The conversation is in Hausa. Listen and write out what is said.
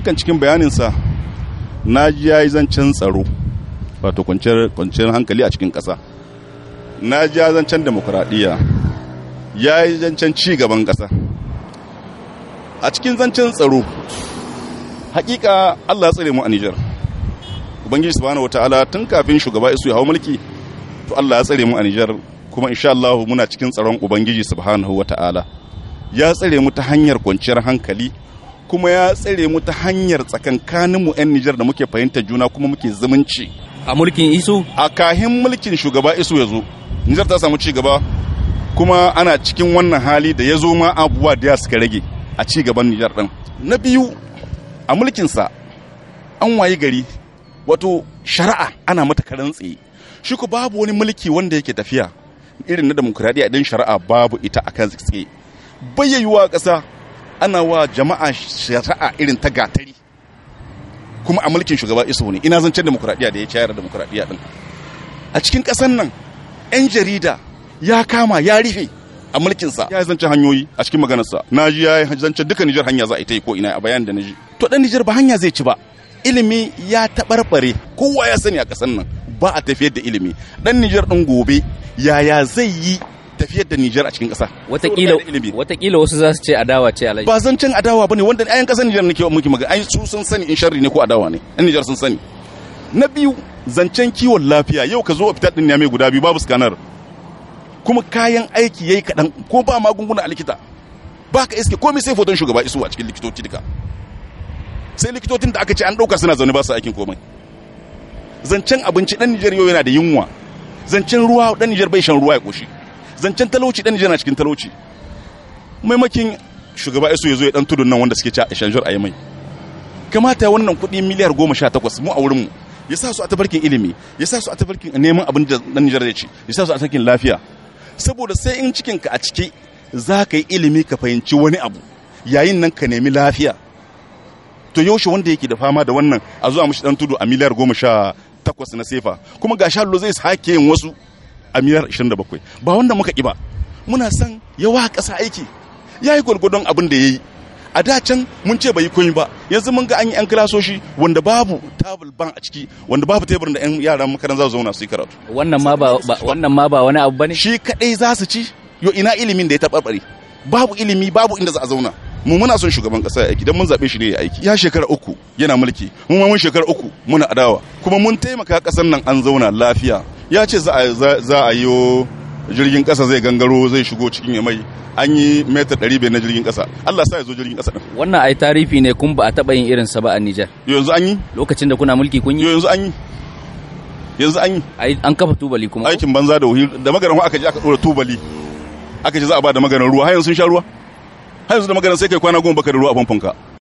dukkan cikin bayaninsa na ji ya yi zancen tsaro wato kwanciyar hankali a cikin ƙasa na ji ya zancen demokuraɗiyya ya yi zancen ci gaban ƙasa a cikin zancen tsaro hakika allah ya tsare mu a nijar ubangiji subhanahu wataala tun kafin shugaba isu ya hau mulki to allah ya tsare mu a nijar kuma insha allah muna cikin tsaron ubangiji subhanahu wataala ya tsare mu ta hanyar kwanciyar hankali kuma ya tsare mu ta hanyar tsakankanin mu 'yan Nijar da muke fahimtar juna kuma muke zumunci. A mulkin Isu? A kahin mulkin shugaba Isu ya zo. Nijar ta samu ci gaba kuma ana cikin wannan hali da ya zo ma abubuwa da suka rage a ci gaban Nijar ɗin. Na biyu a mulkinsa an wayi gari wato shari'a ana mata shuku Shi ku babu wani mulki wanda yake tafiya irin na demokuraɗiyya idan shari'a babu ita a kan tsaye. Bayyayuwa ƙasa ana wa jama'a shari'a irin ta gatari kuma a mulkin shugaba isu ne ina zancen demokuraɗiyya da ya cayar demokuraɗiyya ɗin a cikin ƙasan nan 'yan jarida ya kama ya rufe a mulkinsa ya zance hanyoyi a cikin maganarsa na ji ya zance duka nijar hanya za a ta yi ko ina a bayan da na ji to ɗan nijar ba hanya zai ci ba ilimi ya taɓarɓare kowa ya sani a ƙasan nan ba a tafiyar da ilimi Ɗan nijar ɗin gobe yaya zai yi tafiyar da Nijar a cikin ƙasa. Watakila wasu za su ce adawa ce alai. Ba zan can adawa ba ne wanda ayan ƙasar Nijar nake muke maga ai su sun sani in sharri ne ko adawa ne Ɗan Nijar sun sani. Na biyu zancen kiwon lafiya yau ka zo a fitar ɗin mai guda biyu babu scanner kuma kayan aiki yayi kaɗan ko ba magunguna a likita ba ka iske komai sai foton shugaba isu a cikin likitoci duka sai likitocin da aka ce an ɗauka suna zaune ba su aikin komai zancen abinci ɗan Nijar yau yana da yunwa zancen ruwa ɗan Nijar bai shan ruwa ya ƙoshi zancen talauci dan jana cikin talauci maimakin shugaba isu ya zo ya dan tudun nan wanda suke ci a shanjar a yi mai kamata wannan kuɗi miliyar goma sha takwas mu a wurin mu ya sa su a tafarkin ilimi ya sa su a tafarkin neman abin da dan nijar zai ci ya sa su a tafarkin lafiya saboda sai in cikinka a ciki za ka yi ilimi ka fahimci wani abu yayin nan ka nemi lafiya to yaushe wanda yake da fama da wannan a zuwa mashi dan tudu a miliyar goma sha takwas na sefa kuma ga sha zai sake yin wasu a miliyar 27 ba wanda muka ƙiba muna son yawa ƙasa aiki ya yi gwargwadon abin da ya yi a da can mun ce bai yi koyi ba yanzu mun ga an yi yan kilasoshi wanda babu tabul ban a ciki wanda babu teburin da yan yaran makaranta za su zauna su yi karatu wannan ma ba wannan ma ba wani abu bane shi kadai za su ci yo ina ilimin da ya tabarbare babu ilimi babu inda za a zauna mu muna son shugaban kasa ya aiki dan mun zabe shi ne ya aiki ya shekara uku yana mulki mu ma mun shekara uku muna adawa kuma mun taimaka kasan nan an zauna lafiya ya ce za a yi jirgin kasa zai gangaro zai shigo cikin ya mai an yi meta ɗari bai na jirgin kasa Allah sa ya zo jirgin kasa wannan ai tarifi ne kun ba a taɓa yin irin sa ba a Nijar yanzu an yi lokacin da kuna mulki kun yi yanzu an yi yanzu an yi an kafa tubali kuma aikin banza da wuhi da maganar aka je aka ɗora tubali aka ce za a ba da maganar ruwa har yanzu sun sha ruwa har yanzu da maganar sai kai kwana goma baka da ruwa a famfonka